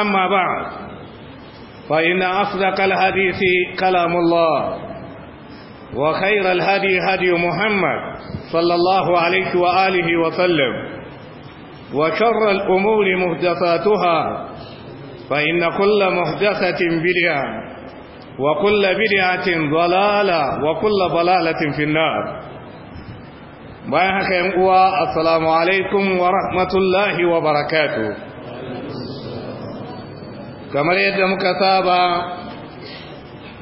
أما بعد فإن أصدق الحديث كلام الله وخير الهدي هدي محمد صلى الله عليه وآله وسلم وشر الأمور مهدفاتها فإن كل مهدفة بدعة وكل بدعة ضلالة وكل ضلالة في النار بايحك يا السلام عليكم ورحمة الله وبركاته kamar yadda muka saba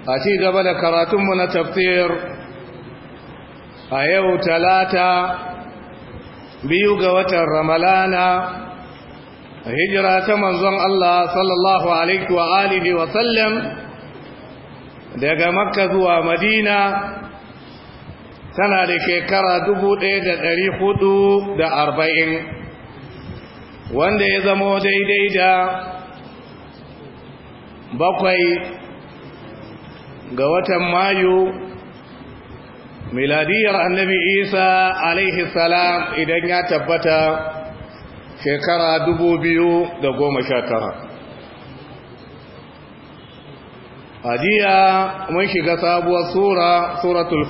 a ci gaba da karatunmu na tafsir a yau talata biyu ga watan ramalana hijira ta manzon Allah sallallahu alaihi wa alihi wa sallam daga makka zuwa madina tana da shekara dubu ɗaya da da hudu arba'in, wanda ya zamo daidai da bakwai ga watan mayu miladiyar annabi isa alaihi salam idan ya tabbata shekara dubu biyu da goma sha tara. jiya mun shiga sabuwar sura suratul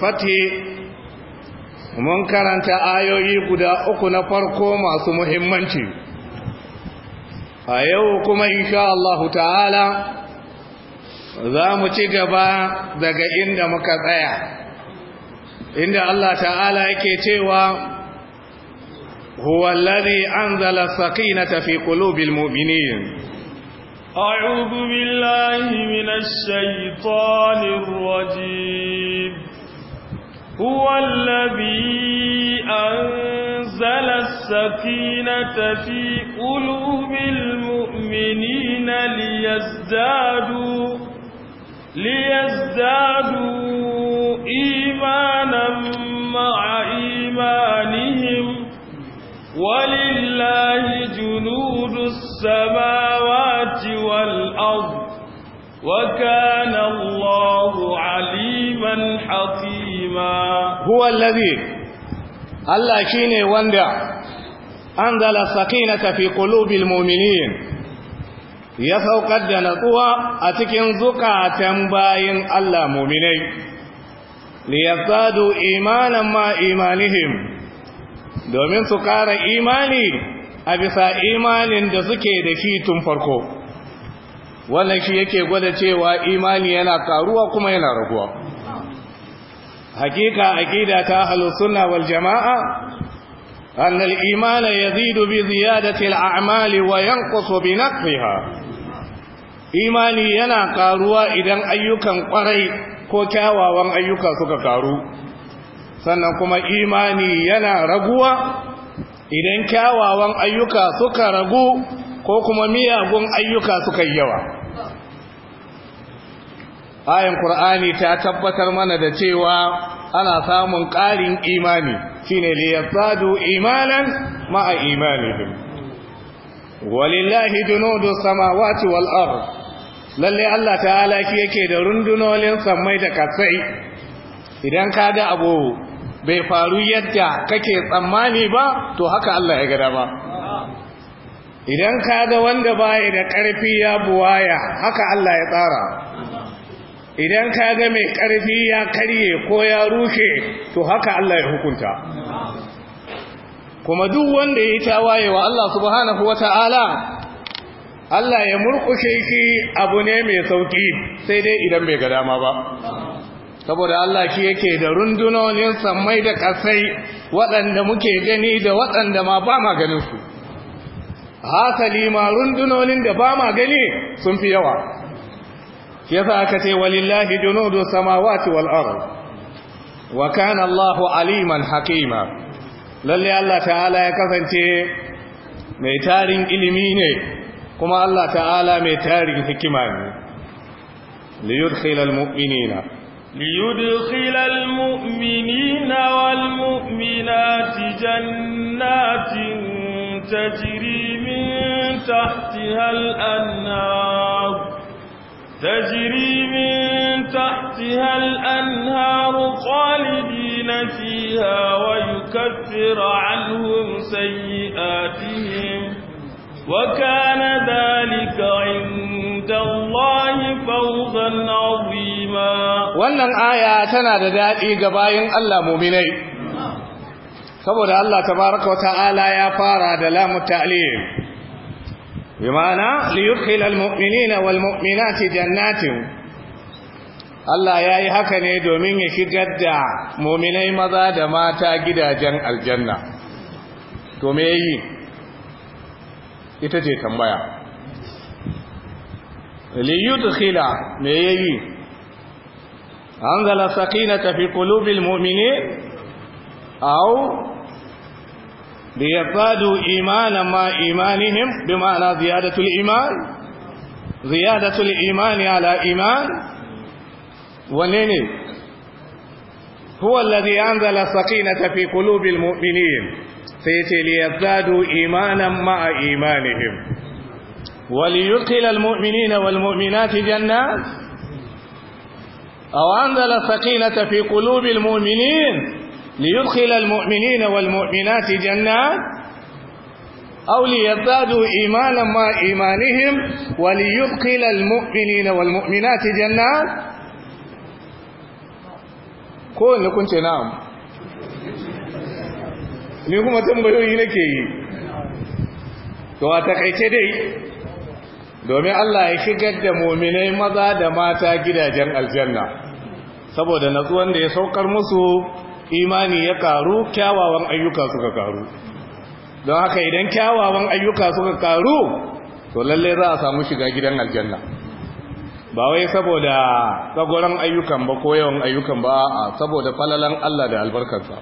mun karanta ayoyi guda uku na farko masu muhimmanci a yau kuma insha Allah ta'ala za mu ci gaba daga inda muka tsaya inda Allah ta'ala yake cewa huwa alladhi anzala sakinata fi qulubil mu'minin a'udhu billahi minash shaitanir rajim huwa alladhi anzala sakinata fi qulubil mu'minina liyazdadu ليزدادوا إيمانا مع إيمانهم ولله جنود السماوات والأرض وكان الله عليما حكيما هو الذي الله شيني وندع أنزل السكينة في قلوب المؤمنين ya saukar da natsuwa a cikin zukatan bayin Allah muminai liyasadu imanan ma imanihim domin su ƙara imani a bisa imanin da suke da shi tun farko wannan shi yake gwada cewa imani yana karuwa kuma yana raguwa hakika aqida ta ahlus suna wal jamaa annal imana yazidu bi ziyadati al a'mali wa yanqusu bi naqsiha imani yana karuwa idan ayyukan kwarai ko kyawawan ayyuka suka karu sannan kuma imani yana raguwa idan kyawawan ayyuka suka ragu ko kuma miyagun ayyuka suka yawa ayin ƙur'ani ta tabbatar mana da cewa ana samun ƙarin imani shine liyazdadu imanan ma'a imanihim walillahi junudu samawati wal ardh Lallai Allah ta shi yake da rundunolin samai da katsai idan ka ga abu bai faru yadda kake tsammani ba to haka Allah ya gada ba idan ka ga wanda baya da ƙarfi ya buwaya haka Allah ya tsara idan ka ga mai ƙarfi ya karye ko ya rushe to haka Allah ya hukunta kuma duk wanda ya yi tawaye wa Allah subhanahu wata'ala Allah ya murkushe shi abu ne mai sauƙi, sai dai idan bai ga dama ba saboda Allah ki yake da rundunonin sammai da ƙasai waɗanda muke gani da waɗanda ma ba ma ganin su hasali ma rundunonin da ba ma gani sun fi yawa yasa aka ce walillahi junudu samawati wal ard wa kana Allahu aliman hakima lalle Allah ta'ala ya kasance mai tarin ilimi ne kuma Allah ta'ala mai tarin hikima ne li yudkhilal mu'minina li yudkhilal mu'minina wal mu'minati jannatin tajri min tahtiha al-anhar tajri min tahtiha al anhar الأنهار fiha wa yukaffiru 'anhum سيئاتهم وكان ذلك عند الله فوزا عظيما wannan aya tana da dadi ga bayin Allah mu'minai saboda Allah tabaaraka wata'ala ya fara da lamu ta'lim bima'ana liyudkhil almu'minina walmu'minati jannatin Allah yayi haka ne domin ya shigar da mu'minai maza da mata gidajen aljanna to me yi ita ce tambaya liyudkhila me yayi anzala sakinata fi qulubil mu'minin aw ليزدادوا إيمانا مع إيمانهم بمعنى زيادة الإيمان زيادة الإيمان على إيمان ونيني هو الذي أنزل السكينة في قلوب المؤمنين sai ليزدادوا إيمانا مع إيمانهم imanihim وليدخل المؤمنين والمؤمنات جنات أو أنزل السكينة في قلوب المؤمنين ليدخل المؤمنين والمؤمنات جنات أو ليزدادوا إيمانا مع إيمانهم وليدخل المؤمنين والمؤمنات جنات كون كنت نعم ni kuma tambayoyi nake yi to a takaice dai domin Allah ya shigar da muminai maza da mata gidajen aljanna saboda natsuwan da ya saukar musu imani ya karu kyawawan ayyuka suka karu don haka idan kyawawan ayyuka suka karu to lalle za a samu shiga gidan aljanna ba wai saboda tsagoron ayyukan ba ko yawan ayyukan ba a saboda falalan Allah da albarkarsa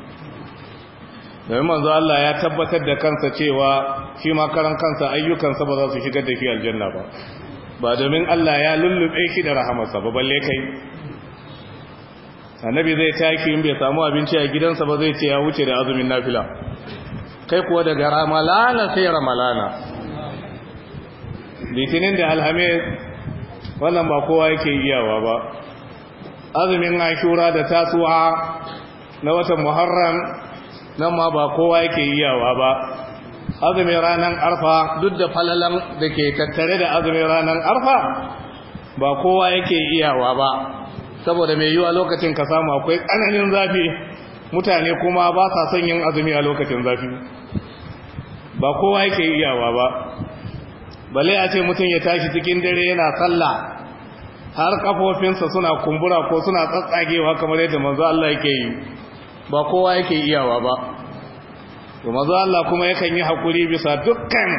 domin manzo Allah ya tabbatar da kansa cewa shi ma karan kansa ayyukansa ba za su shigar da shi aljanna ba ba domin Allah ya lullube shi da rahamarsa ba balle kai annabi zai taki in bai samu abinci a gidansa ba zai ce ya wuce da azumin nafila kai kuwa daga ramalana sai ramalana litinin da alhamis wannan ba kowa yake iyawa ba azumin ashura da tasuwa na watan muharram nan ma ba kowa yake iyawa ba azumin ranar arfa duk da falalan da ke tattare da azumin ranar arfa ba kowa yake iyawa ba saboda mai yiwa lokacin ka samu akwai tsananin zafi mutane kuma ba sa son yin azumi a lokacin zafi ba kowa yake iyawa ba balle a ce mutum ya tashi cikin dare yana sallah har kafofinsa suna kumbura ko suna tsatsagewa kamar yadda manzo Allah yake yi ba kowa yake iyawa ba to mazu Allah kuma yakan yi hakuri bisa dukkan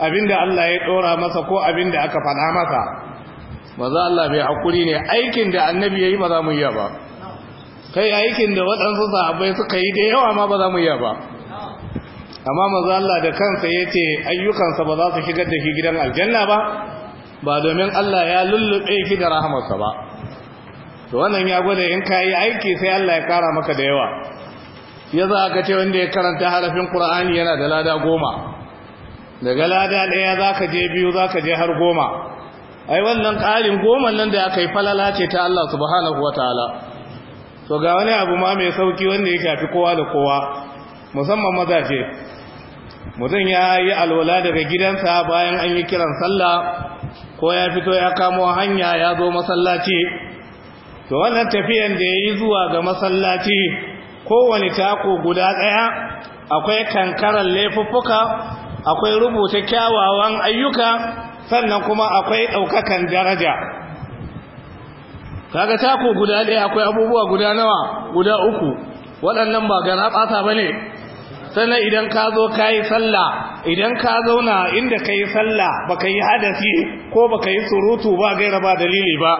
abinda Allah ya dora masa ko abinda aka faɗa masa mazu Allah bai hakuri ne aikin da annabi yayi ba za mu iya ba kai aikin da waɗansu sahabbai suka yi da yawa ma ba za mu iya ba amma mazu Allah da kansa yace ayyukansa ba za su shigar da shi gidan aljanna ba ba domin Allah ya lullube shi da rahamarsa ba to wannan ya gwada in ka yi aiki sai Allah ya kara maka da yawa ya za ka ce wanda ya karanta harafin Qur'ani yana da lada goma daga lada ɗaya za ka je biyu za ka je har goma ai wannan ƙarin goma nan da aka yi falala ce ta Allah subhanahu wa ta'ala to ga wani abu ma mai sauki wanda ya shafi kowa da kowa musamman mazaje mutum ya yi alwala daga gidansa bayan an yi kiran sallah ko ya fito ya kamo hanya ya zo masallaci to wannan tafiyan da yayi zuwa ga masallaci koWani tako guda daya akwai kankaran laifuffuka akwai rubuta kyawawan ayyuka sannan kuma akwai daukakan daraja kaga tako guda daya akwai abubuwa guda nawa guda uku waɗannan ba ga rabata bane sannan idan ka zo ka yi sallah idan ka zauna inda ka yi sallah ba ka yi hadasi ko ba ka yi surutu ba gaira ba dalili ba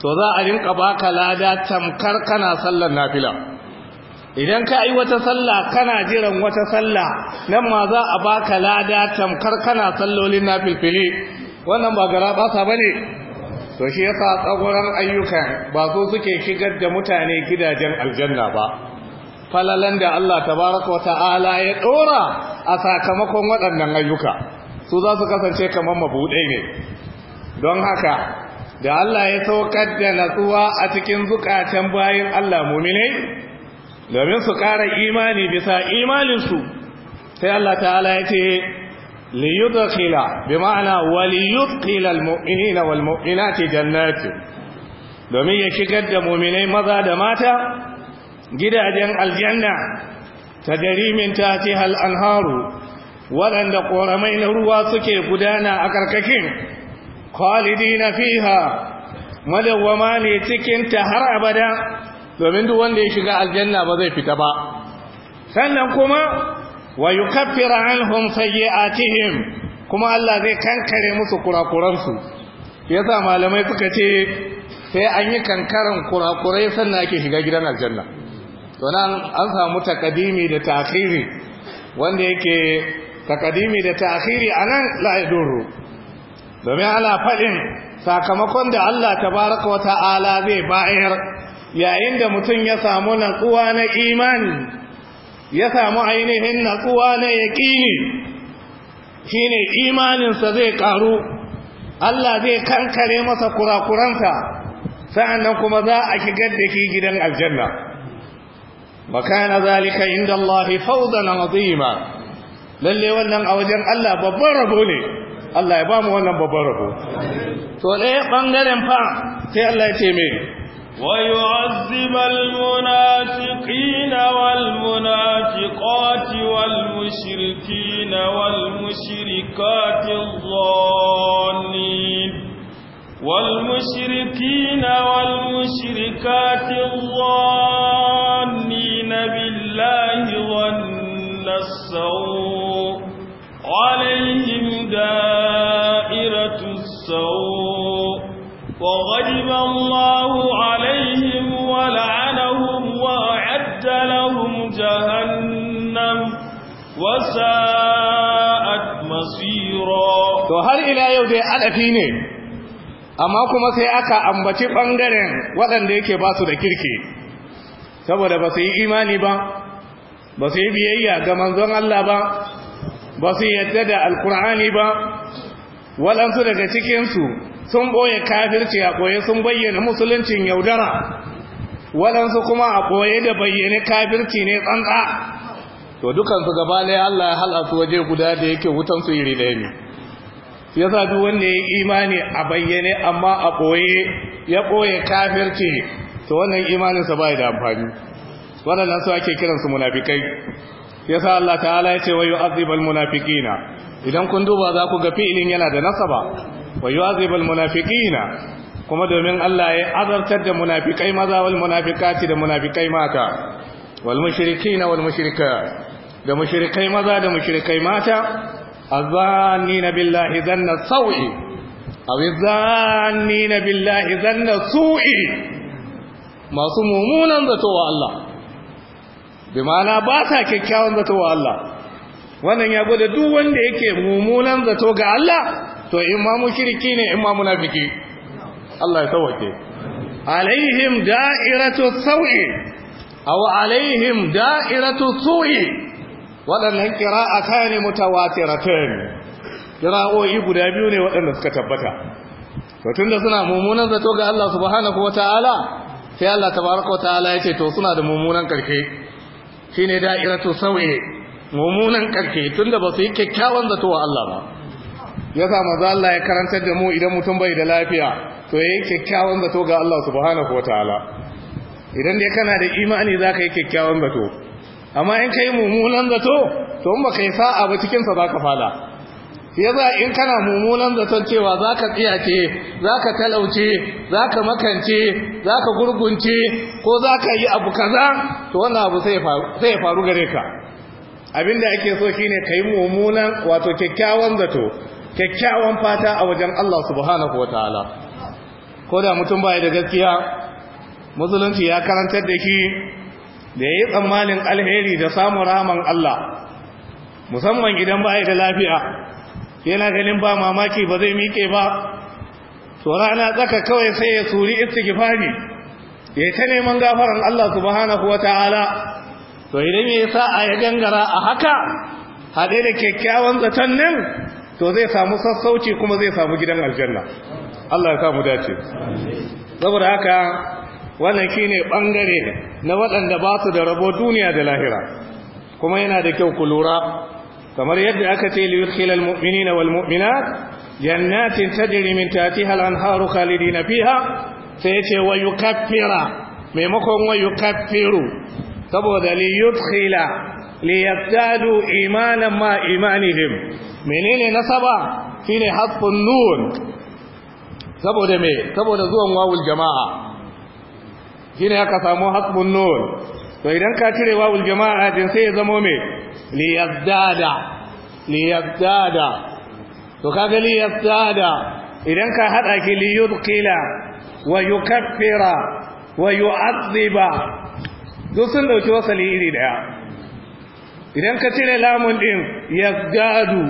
to za a rinka baka lada tamkar kana sallar nafila idan ka yi wata sallah kana jiran wata sallah nan ma za a baka lada tamkar kana sallolin nafilfili wannan ba gara sa bane to shi yasa tsagoran ayyuka ba so suke shigar da mutane gidajen aljanna ba falalan da Allah tabaraka wata'ala ya dora a sakamakon waɗannan ayyuka su za su kasance kamar mabuɗe ne don haka da Allah ya saukar da natsuwa a cikin zukatan bayan Allah muminai domin su ƙara imani bisa imaninsu sai Allah ta'ala ya ce liyudkhila bi ma'ana waliyudkhila almu'minina walmu'minati jannati domin ya shigar da muminai maza da mata gidajen aljanna tajri min tahtiha hal anharu waɗanda ƙoramai na ruwa suke gudana a karkashin khalidina fiha madawwama ne cikin ta har abada domin duk wanda ya shiga aljanna ba zai fita ba sannan kuma wa yukaffiru anhum sayi'atihim kuma Allah zai kankare musu kurakuransu yasa malamai suka ce sai an yi kankaran kurakurai sannan ake shiga gidan aljanna to nan an samu takadimi da ta'khiri wanda yake takadimi da ta'khiri anan la domin ana faɗin sakamakon da Allah tabaraka wa ta'ala zai bayar yayin da mutum ya samu natsuwa na imani ya samu ainihin natsuwa na yaƙini ne imaninsa zai ƙaru Allah zai kankare masa kurakuranta nan kuma za a shigar da shi gidan aljanna wa kana zalika inda Allah na azima lalle wannan a wajen Allah babban rabo ne Allah ya ba mu wannan babban rabo to ɗaya ɓangaren fa sai Allah ya ce mai ويعذب المنافقين والمنافقات والمشركين والمشركات الظانين والمشركين والمشركات الظانين بالله ظن السوء عليهم دائرة السوء وغضب الله عليهم ولعنهم وأعد لهم جهنم وساءت مصيرا to har ina yau dai alafi ne amma kuma sai aka ambaci ɓangaren waɗanda yake ba su da kirki saboda ba su yi imani ba ba su yi biyayya ga manzon Allah ba ba su yadda da alkur'ani ba waɗansu daga cikinsu sun ɓoye kafirci a ɓoye sun bayyana musuluncin yaudara waɗansu kuma a ɓoye da bayyane kafirci ne tsantsa to dukansu gaba ne Allah ya halasu waje guda da yake wutansu iri ɗaya ne ya sa duk wanda ya yi imani a bayyane amma a ɓoye ya ɓoye kafirci to wannan imaninsa ba da amfani waɗannan su ake kiransu munafikai yasa Allah ta'ala yace wa yu'adhibul munafiqina idan kun duba za ku ga fi'ilin yana da nasaba wa yu'adhibul munafiqina kuma domin Allah ya azartar da munafikai maza wal munafiqati da munafikai mata wal mushrikina wal mushrikat da mushrikai maza da mushrikai mata azannina billahi zanna sawi aw azannina billahi zanna su'i masu mumunan zato wa Allah bi ma'ana ba sa kyakkyawan zato wa Allah wannan ya gwada duk wanda yake mummunan zato ga Allah to in ma mushriki ne in ma munafiki Allah ya tawake alaihim da'iratu sawi aw alaihim da'iratu su'i wadannan qira'atan mutawatiratan qira'o'i guda biyu ne wadanda suka tabbata to tunda suna mummunan zato ga Allah subhanahu wataala sai Allah tabaaraka wataala yace to suna da mummunan karkai Shi shine da'iratu sau'i mummunan ƙarfe tunda ba su yi kyakkyawan zato wa Allah ba yasa za Allah ya karantar da mu idan mutum bai da lafiya to ya yi kyakkyawan zato ga Allah subhanahu ta'ala idan dai kana da imani za ka yi kyakkyawan zato amma in kai mummunan zato to in ka yi sa'a ba cikinsa za ka fada yasa in kana mummunan zaton cewa za ka tsiyace za ka talauce za ka makance za ka gurgunce ko za ka yi abu kaza to wannan abu sai faru gare ka abinda ake so shi ne ka yi mummunan wato kyakkyawan zato kyakkyawan fata a wajen Allah subhanahu ko da mutum baya da gaskiya musulunci ya karantar da shi da ya yi tsammanin alheri da samun raman Allah musamman idan baya da lafiya yana ganin ba mamaki ba zai miƙe ba to rana tsaka kawai sai ya suri istighfari ya ta neman gafaran Allah subhanahu wataala to idan ya sa a ya gangara a haka haɗe da kyakkyawan zaton nan to zai samu sassauci kuma zai samu gidan aljanna Allah ya samu dace saboda haka wannan ne bangare na waɗanda ba su da rabo duniya da lahira kuma yana da kyau ku lura فمر يبدا كتي ليدخل المؤمنين والمؤمنات جنات تجري من تحتها الانهار خالدين فيها سيتي ويكفر ميمكم ويكفر سبب ليدخل ليبتادوا ايمانا ما ايمانهم منين نصب فيني حق النور سبب مي سبب زوم واو الجماعه هنا يا كسامو حق النور to idan ka cire wawul jama'a din sai ya zamo me li yazdada li yazdada to kaga li yazdada idan ka hada ki li yudqila wa yukaffira wa yu'adhiba duk sun dauki wasali iri daya idan ka cire lamun din yazdadu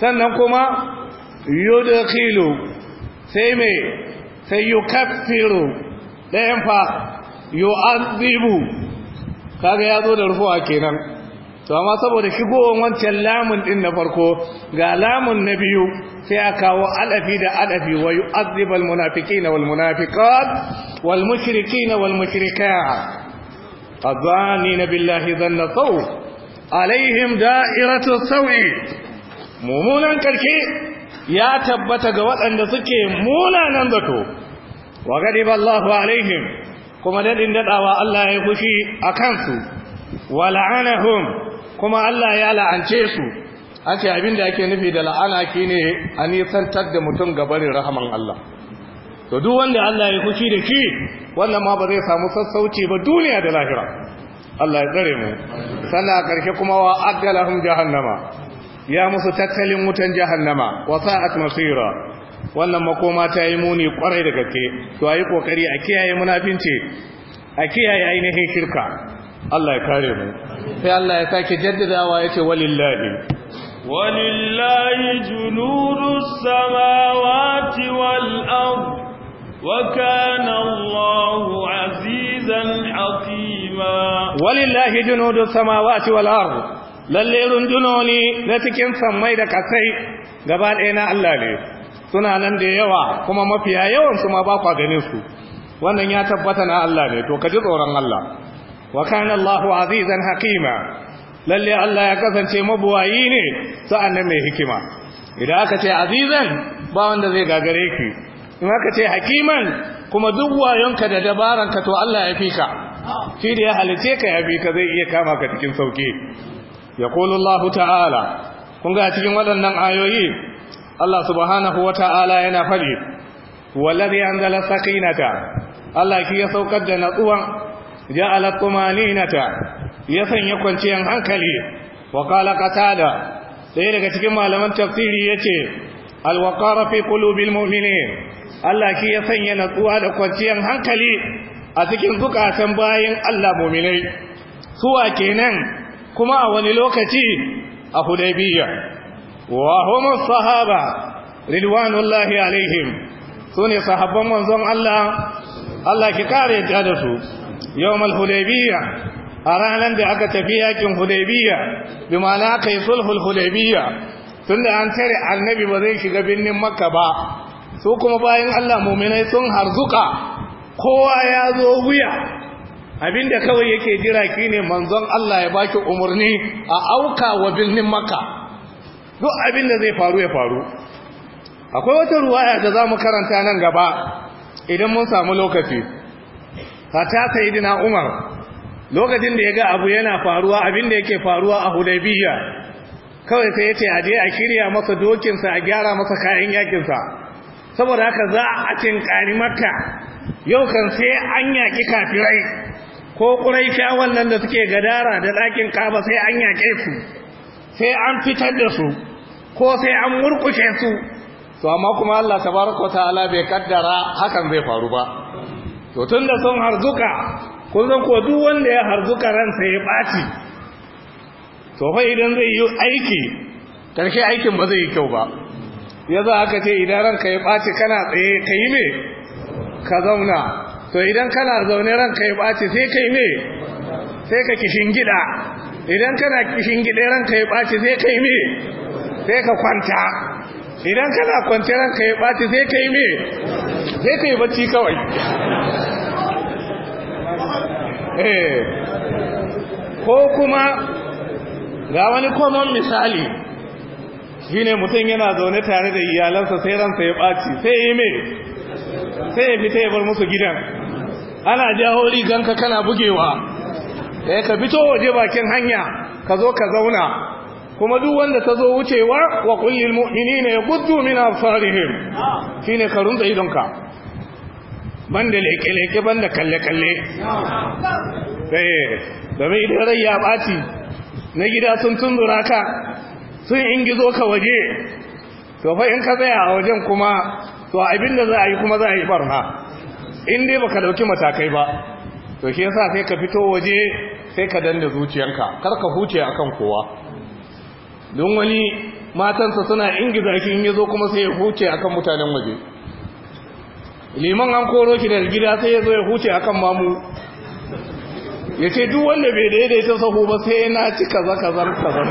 sannan kuma yudqilu sai me sai yukaffiru dayan fa yu'adhibu kaga ya zo da rufuwa kenan to amma saboda shigowar wancan lamun din na farko ga lamun na biyu sai a kawo alafi da alafi wa yu'adhibal munafiqina wal munafiqat wal mushrikina wal mushrikat الظانين بالله ظن السوء alaihim da'iratu sawi mumunan karke ya tabbata ga waɗanda suke munanan zato wa gadiba Allahu alaihim kuma daɗin dadawa Allah ya kushi akan su wa kuma Allah ya la'ance su ace da ake nufi da la'ana kine a nisantar da mutum gabarin rahaman Allah to duk wanda Allah ya fushi da shi wannan ma ba zai samu sassauci ba duniya da lahira Allah ya tsare mu sannan a karshe kuma wa addalahum jahannama ya musu tattalin wutan jahannama wa sa'at masira wannan makoma ta yi muni kwarai da gaske to ayi kokari a kiyaye munafinci a kiyaye ainihin shirka Allah ya kare mu sai Allah ya sake jaddadawa yace walillahi walillahi junurus samawati wal ard Allahu azizan hakima walillahi junurus samawati wal ard lalle rundunoni na cikin sammai da kasai gaba ɗaya na Allah ne suna nan da yawa kuma mafiya yawan su ma ba kwa ganin su wannan ya tabbata na Allah ne to ka ji tsoron Allah wa kana Allahu azizan hakima lalle Allah ya kasance mabuwayi ne nan mai hikima idan aka ce azizan ba wanda zai gagare ki in aka ce hakiman kuma duk wayonka da dabaranka to Allah ya fi ka shi da ya halice ka ya fi ka zai iya kama ka cikin sauki yaqulu Allah ta'ala kun ga cikin waɗannan ayoyi Allah subhanahu wa ta'ala yana faɗi wallazi anzala sakinata Allah shi ya saukar da natsuwa ja'ala tumaninata ya sanya kwanciyar hankali wa qala qatada sai daga cikin malaman tafsiri yace alwaqara fi qulubil mu'minin Allah shi ya sanya natsuwa da kwanciyar hankali a cikin zukatan bayin Allah mu'minai suwa kenan kuma a wani lokaci a Hudaybiyah وهم الصحابة رضوان الله عليهم سوني صحابة منظم الله الله كقاري جادسو يوم الحديبية أرانا دي أكا تفيا كم حديبية بمعنى أكي صلح الحديبية تند أن تري النبي بذيك قبل مكة با su kuma bayan Allah muminai sun harzuka kowa ya zo wuya abinda kawai yake jira shine manzon Allah ya baki umarni a auka wa birnin Makka duk abin da zai faru ya faru akwai wata ruwaya da za mu karanta nan gaba idan mun samu lokaci hata dina umar lokacin da ya ga abu yana faruwa abin da yake faruwa a hudaybiya kawai sai ya ce a je a shirya masa dokinsa a gyara masa kayan yakinsa saboda haka za a cinkari makka yau kan sai an yaƙi kafirai ko sha wannan da suke gadara da ɗakin kaba sai an yaƙe su sai an fitar da su ko sai an murkushe su to amma kuma Allah tabaraka ta'ala bai kaddara hakan zai faru ba to tunda sun harzuka kun san ko duk wanda ya harzuka ransa ya baci to fa idan zai yi aiki karshe aikin ba zai yi kyau ba Yanzu aka ce idan ranka ya baci kana tsaye kai me ka zauna to idan kana zaune ranka ya baci sai kai me sai ka kishin gida idan kana kishin gide ranka ya ɓaci sai kai me sai ka kwanta idan kana kwanta, ranka ya ɓaci sai kai me sai kai bacci kawai eh ko kuma ga wani common misali shine mutum yana zaune tare da iyalansa sai ransa ya ɓaci sai yi me sai ya fita ya bar musu gidan ana jawo ka kana bugewa ya eh, ka fito waje bakin hanya ka zo ka zauna kuma duk wanda ta zo wucewa wa kullil mu'minina yaghuddu min afsarihim shine ka runtsa idonka banda leke leke banda kalle kalle eh domin idan rai ya baci na gida sun tunzura ka sun ingizo ka waje to fa in ka tsaya a wajen kuma to da za a yi kuma za a yi barna in dai baka dauki matakai ba to shi yasa sai ka fito waje sai ka danne zuciyarka kar ka huce akan kowa don wani matansa suna ingiza shi in yazo kuma sai ya huce akan mutanen waje liman an koro shi daga gida sai ya zo ya huce akan mamu ya ce duk wanda bai daidaita sahu ba sai na ci kaza kaza kaza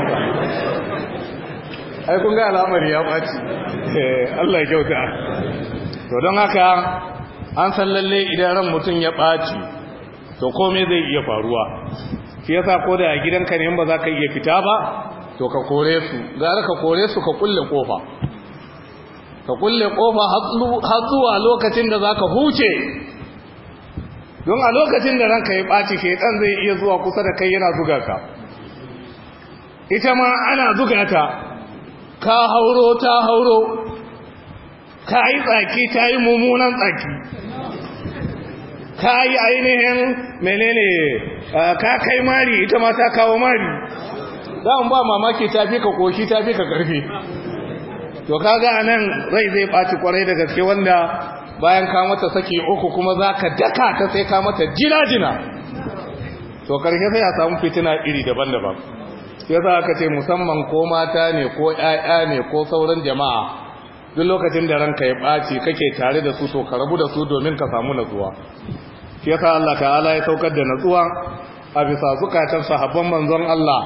ai kun ga al'amari ya ɓaci eh, Allah ya kyauta to don haka an san lalle idan ran mutum ya ɓaci to kome zai iya faruwa shi yasa ko da a gidanka ne ba za ka iya fita ba to ka kore su gara ka kore su ka kulle kofa ka kulle kofa har zuwa lokacin da za ka huce don a lokacin da ranka ya ɓaci ke, ɗan zai iya zuwa kusa da kai yana zuga ka ita ma ana zuga ta ka hauro ta hauro ka yi tsaki ta yi mummunan tsaki ka yi ainihin menene ka kai mari ita ma ta kawo mari mu ba mamaki ta fi ka koshi ta fi ka karfi to kaga anan rai zai baci kwarai da gaske wanda bayan ka mata saki uku kuma za ka daka ta sai ka mata jina-jina to karshe sai a samu fitina iri daban-daban ya za ka ce musamman ko mata ne ko 'ya'ya ne ko sauran jama'a duk lokacin da ranka ya ɓaci kake tare da su to ka rabu da su domin ka samu natsuwa shi yasa Allah ta'ala ya saukar da natsuwa a bisa zukatan sahabban manzon Allah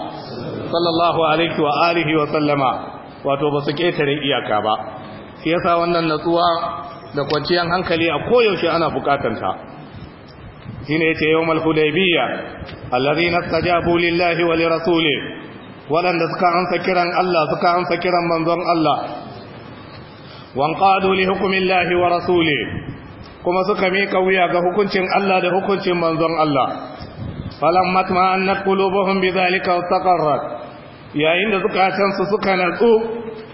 sallallahu alaihi wa alihi wa sallama wato ba su ketare iyaka ba shi yasa wannan natsuwa da kwanciyar hankali a koyaushe ana bukatanta shine yace yawmal hudaybiyya alladhina istajabu lillahi wa lirasuli wadanda suka ansa kiran Allah suka ansa kiran manzon Allah وانقادوا لحكم الله ورسوله كما سكمي قويا كحكمتين الله ده حكمتين منظر الله فلما اطمأنت قلوبهم بذلك واستقرت يا إن زكاتن suka نتسو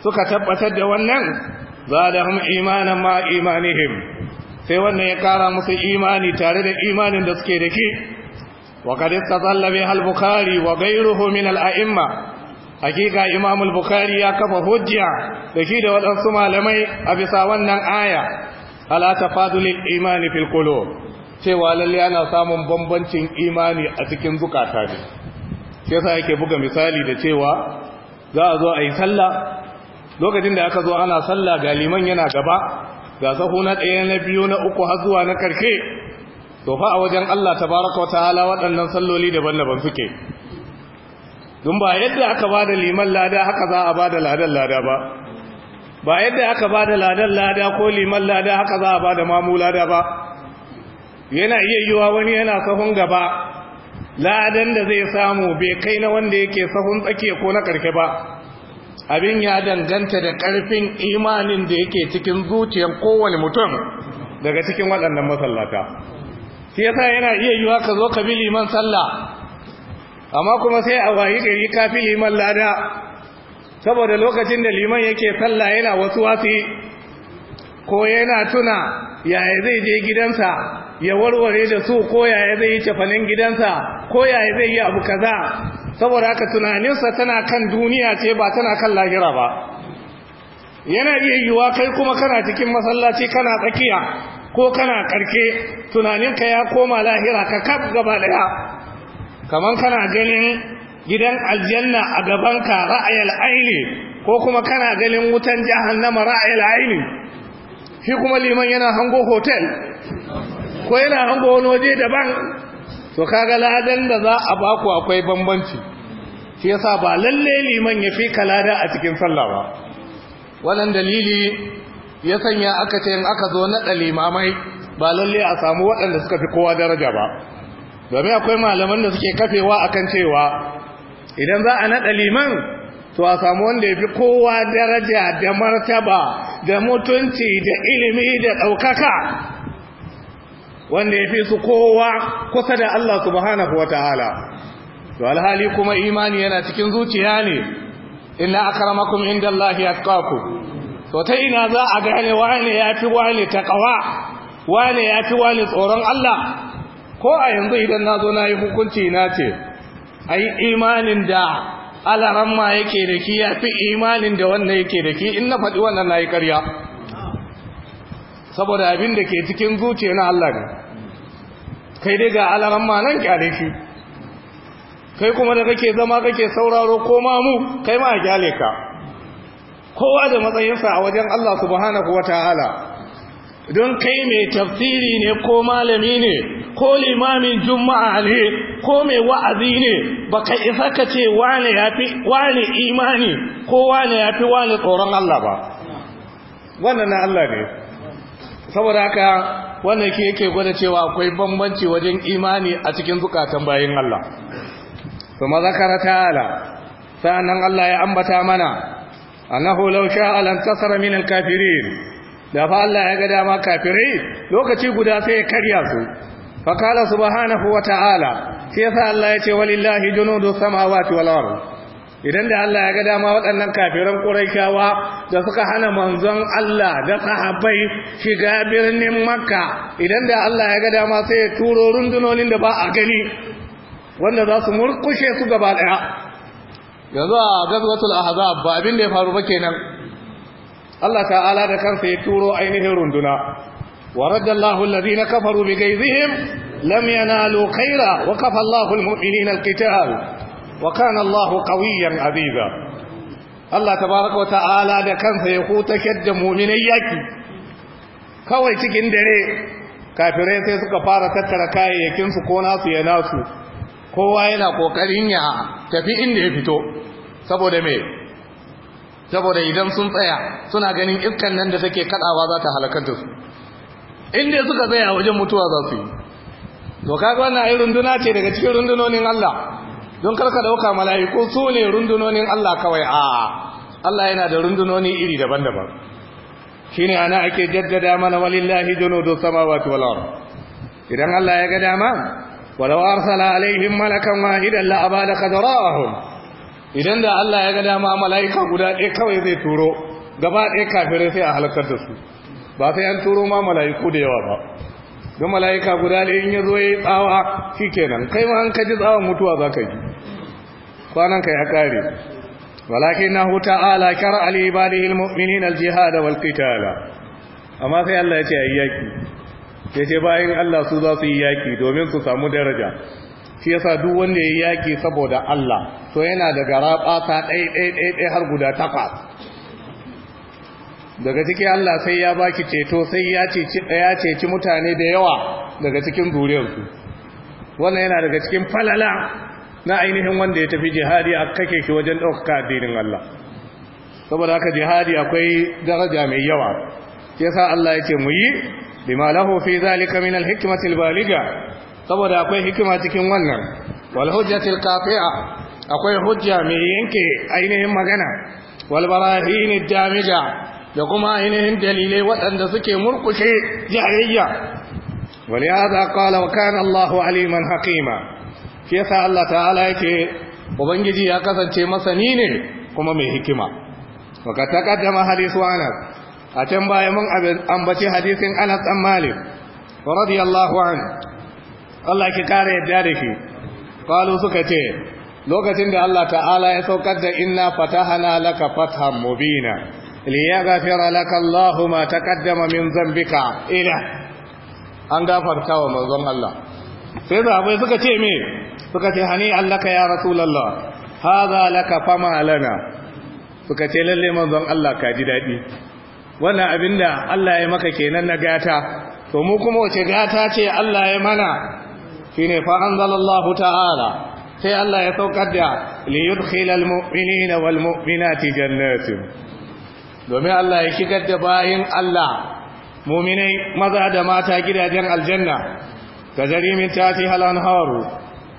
سكا تبتر ده wannan zadahum imanan ma imanihim sai wannan ya kara musu imani tare da imanin da suke da ke wa qad istadalla al-bukhari wa gairuhu min al-a'imma hakika imam al-bukhari ya kafa hujja da shi da waɗansu malamai a bisa wannan aya ala tafadulil imani fil qulub cewa lalle ana samun bambancin imani a cikin zukata ne shi yasa yake buga misali da cewa za a zo a yi sallah lokacin da aka zo ana sallah ga liman yana gaba ga sahu na ɗaya na biyu na uku har zuwa na karshe to fa a wajen Allah tabaraka wa ta'ala waɗannan salloli daban-daban suke don ba yadda aka ba da liman lada haka za a ba da ladan lada ba ba yadda aka ba da ladan lada ko liman lada haka za a ba da mamu lada ba yana iya yiwa wani yana sahun gaba ladan da zai samu bai kai na wanda yake sahun tsakiya ko na karfe ba abin ya danganta da karfin imanin da yake cikin zuciyar kowane mutum daga cikin waɗannan masallata shi yasa yana iya yiwa ka zo ka bi liman sallah amma kuma sai a wayi gari ka fi liman lada saboda lokacin da liman yake sallah yana wasu wasi ko yana tuna yaya zai je gidansa ya warware da su ko yaya zai yi cefanin gidansa ko yaya zai yi abu kaza saboda haka tunaninsa tana kan duniya ce ba tana kan lahira ba yana iya yiwuwa kai kuma kana cikin masallaci kana tsakiya ko kana karke tunaninka ya koma lahira ka kaf gaba daya kamar kana ganin gidan aljanna a gabanka ra'ayal aini ko kuma kana ganin wutan jahannama ra'ayal aini shi kuma liman yana hango hotel ko yana hango wani waje daban to kaga ladan da za a baku akwai bambanci shi yasa ba lalle liman ya fi kalada a cikin sallah ba wannan dalili ya sanya aka ce in aka zo na limamai ba lalle a samu waɗanda suka fi kowa daraja ba domin akwai malaman da suke kafewa akan cewa idan za a naɗa liman to a samu wanda ya fi kowa daraja da martaba da mutunci da ilimi da ɗaukaka wanda ya fi su kowa kusa da Allah subhanahu wata'ala to alhali kuma imani yana cikin zuciya ne inna akramakum indallahi atqakum to ta ina za a gane wane ya fi wane taqwa wane ya fi wane tsoron Allah ko a yanzu idan na zo na yi hukunci na ce a yi imanin da alaramma yake da ki ya fi imanin da wannan yake da ki in na faɗi wannan na yi ƙarya saboda abin da ke cikin zuciya na Allah ne kai dai ga alaramma nan kyale shi kai kuma da kake zama kake sauraro ko mamu kai ma kyale ka kowa da matsayinsa a wajen Allah subhanahu wa ta'ala don kai mai tafsiri ne ko malami ne ko limamin juma'a ne ko mai wa'azi ne baka isa ka ce wane yafi wane imani ko wane yafi wane tsoron Allah ba wannan na Allah ne saboda haka wannan ke yake gwada cewa akwai bambanci wajen imani a cikin zukatan bayin Allah kuma zakara ta'ala sanan Allah ya ambata mana annahu law sha'a lan tasara min al da fa Allah ya ga dama kafirai lokaci guda sai ya karya su فقال سبحانه وتعالى كيف الله يتي ولله جنود السماوات والأرض idan da Allah ya ga dama waɗannan kafiran ƙuraikawa da suka hana manzon Allah da sahabbai shiga birnin Makka idan da Allah ya ga dama sai ya turo rundunonin da ba a gani wanda za su murkushe su gaba ɗaya yanzu a gazwatul ahzab ba abin da ya faru ba kenan Allah ta'ala da kansa ya turo ainihin runduna ورد الله الذين كفروا بغيظهم لم ينالوا خيرا وكفى الله المؤمنين القتال وكان الله قويا عزيزا الله تبارك وتعالى da kansa ya hutakar da mu'minai yaki kawai cikin dare kafirai sai suka fara tattara kayayyakin su ko nasu ya nasu kowa yana kokarin ya tafi inda ya fito saboda me saboda idan sun tsaya suna ganin iskan nan da take kaɗawa za ta halakar su inda suka tsaya wajen mutuwa za su yi to kaga wannan runduna ce daga cikin rundunonin Allah don karka dauka mala'iku su ne rundunonin Allah kawai a Allah yana da rundunoni iri daban-daban shine ana ake jaddada mana walillahi junudu samawati wal ard idan Allah ya ga dama walau arsala alaihim malakan wahidan la abada qadarahum idan da Allah ya ga dama mala'ika guda ɗaya kawai zai turo gaba ɗaya kafirai sai a halakar da su ba sai an turo ma mala'iku da yawa ba don mala'ika guda da yin ya ya yi tsawa shi kenan kai ma an kaji tsawon mutuwa za ka yi kwanan ka ya kare walakin na huta ala kyar alibadihin mu'minin jiha da walƙitala. amma sai Allah ya ce yi yaƙi. ya ce bayan Allah su za su yi yaƙi domin su samu daraja shi yasa duk wanda ya yi yaki saboda Allah to yana da garaba ta ɗai ɗai ɗai har guda takwas daga ciki Allah sai ya baki ceto sai ya ceci ya ceci mutane da yawa daga cikin buriyarsu. wannan yana daga cikin falala na ainihin wanda ya tafi jihadi a kake shi wajen dauka addinin Allah saboda haka jihadi akwai daraja mai yawa yasa Allah yake mu yi bima lahu fi zalika min alhikmatil baliga saboda akwai hikima cikin wannan wal hujjatil qatia akwai hujja mai yanke ainihin magana wal barahin ad da kuma ainihin dalilai waɗanda suke murkushe jahiliya waliyaza qala wa kana Allahu aliman hakima shi yasa Allah ta'ala yake ubangiji ya kasance masani ne kuma mai hikima wa ta taqaddama hadithu Anas a can baya mun ambaci hadisin Anas dan Malik radiyallahu an! Allah ki kare yadda da shi qalu suka ce lokacin da Allah ta'ala ya saukar da inna fatahana laka fathan mubina liyaghfira laka Allahu ma taqaddama min dhanbika ila an gafarta wa manzon Allah sai sahabbai suka ce me suka ce hani allaka ya rasulullah hadha laka fama lana suka ce lalle manzon Allah ka ji dadi wannan abinda Allah ya maka kenan na gata to mu kuma wace gata ce Allah ya mana shine fa anzalallahu ta'ala sai Allah ya saukar da li yudkhilal mu'minina wal mu'minati jannatin domin Allah ya shigar da bayan Allah muminai maza da mata gidajen aljanna ga jarimin tati halon haru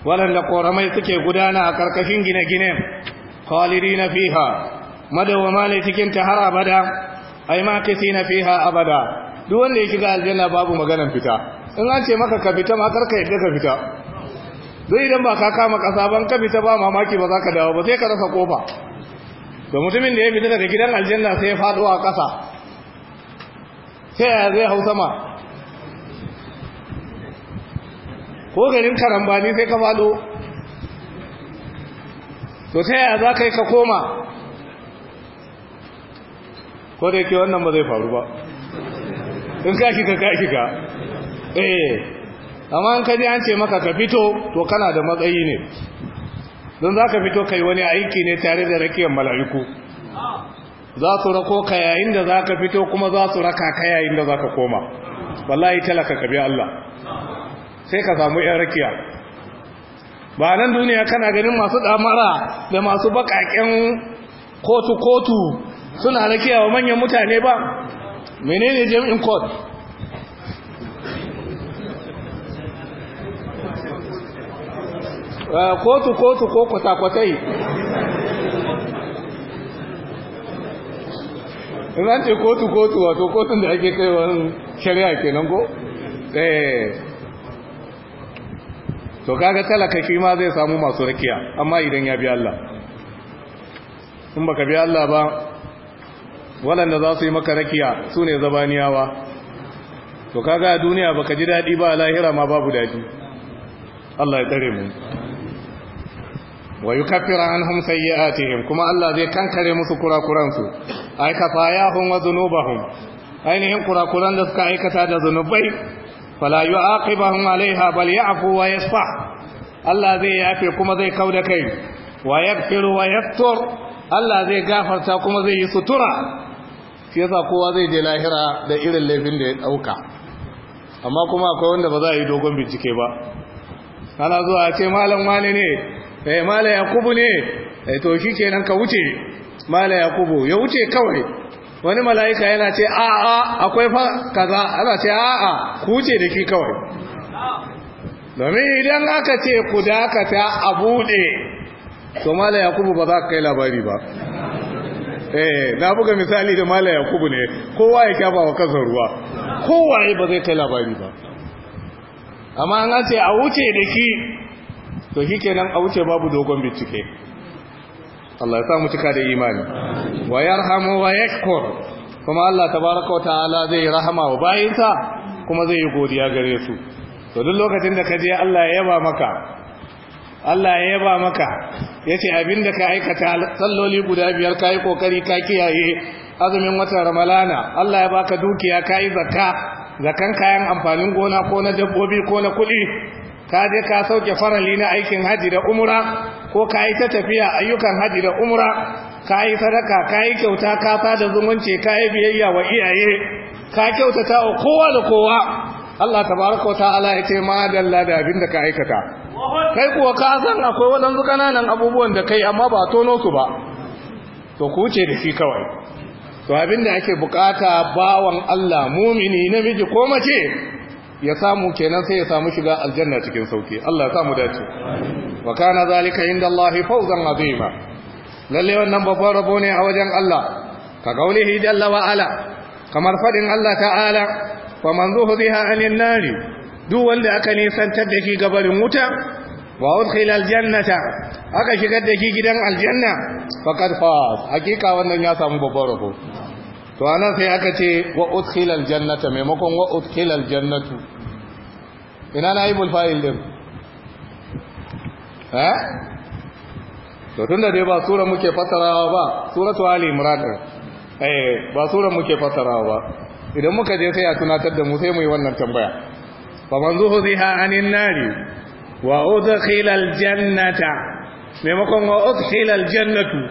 waɗanda ƙoramai suke gudana a ƙarƙashin gine gine khaliri na fiha madawama ne cikin ta har abada ai ma kisi na fiha abada duk wanda ya shiga aljanna babu maganan fita in an ce maka ka fita ma karka yadda ka fita zai idan ba ka kama ƙasa ban ka fita ba mamaki ba za ka dawo ba sai ka rasa kofa to mutumin da ya fita daga gidan aljanna sai ya faɗo a ƙasa sai ya zai hau sama ko garin karambani sai ka faɗo to sai ya za ka yi ka koma ko da yake wannan ba zai faru ba in ka kika ka kika eh amma an kaji an ce maka ka fito to kana da matsayi ne don za ka fito kai wani aiki ne tare da rakiyar mala'iku za su rako ka yayin da za ka fito kuma za su raka ka yayin da za ka koma wallahi talaka ka bi Allah sai ka samu ‘yan rakiya ba nan duniya kana ganin masu damara da masu bakaƙen kotu-kotu suna rakiya wa manyan mutane ba menene jami'in kotu Ah, kotu kotu ko kwata-kwatai ran ce kotu kotu wato kotun da ake kai wani shari'a kenan ko ee eh. to kaga talaka shi ma zai samu masu rakiya amma idan ya bi Allah in baka bi Allah ba waɗanda za su yi maka rakiya su ne zabaniyawa to kaga a duniya baka ji daɗi ba lahira ma babu daɗi Allah ya tare mu wa yukaffiru anhum sayyi'atihim kuma Allah zai kankare musu kurakuran su ay kafayahum wa dhunubahum ainihin kurakuran da suka aikata da zunubai fala yu'aqibahum 'alayha bal ya'fu wa yasfah Allah zai yafe kuma zai kauda kai wa yaghfiru wa yastur Allah zai gafarta kuma zai yi sutura shi yasa kowa zai je lahira da irin laifin da ya dauka amma kuma akwai wanda ba za a yi dogon bincike ba ana zuwa a ce malam wane ne eh mala yakubu ne eh to shikenan ka wuce mala yakubu ya wuce kawai wani mala'ika yana ce a a akwai fa kaza ana ce a a ku wuce da shi kawai domin idan aka ce ku dakata a to mala yakubu ba za ka kai labari ba eh na buga misali da mala yakubu ne kowa ya kyafa wa kansa ruwa kowa ba zai kai labari ba amma an ce a wuce da shi to shi kenan a wuce babu dogon bincike Allah ya sa mu cika da imani wa yarhamu wa yakfur kuma Allah tabaraka wa ta'ala zai rahama wa bayinsa kuma zai yi godiya gare su to duk lokacin da ka je Allah ya yaba maka Allah ya yaba maka yace da ka aikata salloli guda biyar kai kokari ka kiyaye azumin watan ramalana Allah ya baka dukiya kai zakka zakan kayan amfanin gona ko na dabbobi ko na kuɗi ka je ka sauke farali na aikin haji da umra ko ka yi ta tafiya ayyukan haji da umra ka yi sadaka ka yi kyauta ka fada zumunci ka yi biyayya wa iyaye ka kyautata wa kowa da kowa Allah tabaraka ta'ala ya ce ma dalla da abin da ka aikata kai kuwa ka san akwai waɗansu kananan abubuwan da kai amma ba tono su ba to ku ce da shi kawai to abin da ake bukata bawan Allah mumini namiji ko mace ya samu kenan sai ya samu shiga aljanna cikin sauki Allah ya samu dace wa kana zalika inda Allah fawzan azima lalle wannan babban rabo ne a wajen Allah ka kaulihi jalla wa ala kamar fadin Allah ta'ala fa man zuhriha anin nari duk wanda aka nisantar da shi gabarin wuta wa udkhila aljannata aka shigar da shi gidan aljanna faqad fa hakika wannan ya samu babban rabo to anan sai aka ce wa udkhila jannata, maimakon wa udkhilal jannatu. ina ibul fa'il din ha eh? to tunda dai ba sura muke fasarawa ba suratu ali imran eh ba sura muke fasarawa ba idan muka je sai a tunatar da mu sai mu yi wannan tambaya manzu zuhriha anin nari wa udkhila jannata, maimakon wa udkhilal jannatu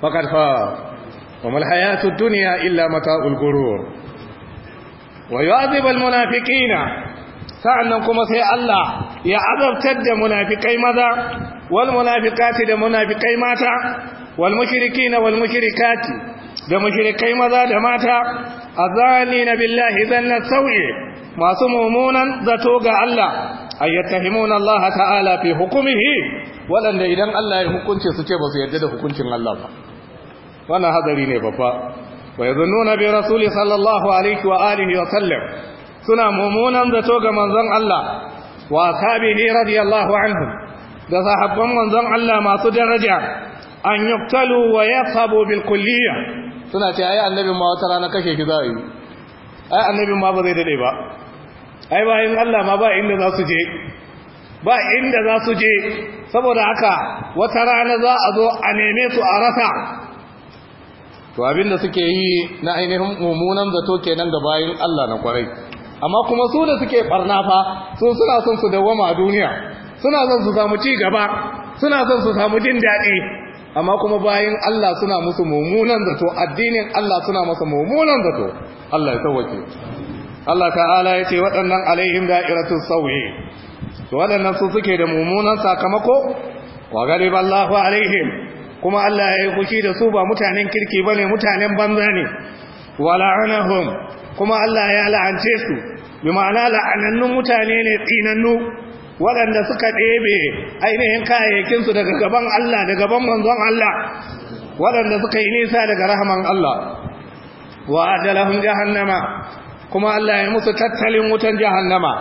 fakar fa wa mal hayatud dunya illa mata ghurur wa yu'adhibu al sa'annan kuma sai Allah ya azabtar da munafikai maza wal munafiqati da munafikai mata wal na wal mushrikati da mushirikai maza da mata A na billahi zanna sauye masu mummunan zato ga Allah ayyattahimuna Allah ta'ala fi hukumihi waɗanda idan Allah ya hukunce su ce ba su yarda da hukuncin Allah ba wannan hadari ne babba wa yazunnuna bi rasuli sallallahu alaihi wa alihi wa sallam suna mummunan zato ga manzon Allah wa ashabihi radiyallahu anhum da sahabban manzon Allah masu daraja an yuqtalu wa yasabu bil kulliyya suna ce ai annabi ma wata rana kashe ki za yi ai annabi ma ba zai dade ba ai bayan Allah ma ba inda za su je ba inda za su je saboda haka wata rana za a zo a neme su a rasa to abin da suke yi na ainihin mummunan zato kenan ga bayin Allah na kwarai amma kuma su da suke barna fa sun suna son su dawama a duniya suna son su samu ci gaba suna son su samu jin daɗi amma kuma bayin Allah suna musu mummunan zato addinin Allah suna masa mummunan zato Allah ya tawake Allah ta'ala ya ce waɗannan alaihim da'iratu sawi to waɗannan su suke da mummunan sakamako wa gariba Allahu alaihim kuma Allah ya yi fushi da su ba mutanen kirki ba ne mutanen banza ne wala'anahum kuma Allah ya la'ance su bi ma'ana la'anannun mutane ne tsinannu waɗanda suka ɗebe ainihin kayayyakinsu daga gaban Allah da gaban manzon Allah waɗanda suka yi nisa daga rahaman Allah wa ajalahum jahannama kuma Allah ya musu tattalin wutan jahannama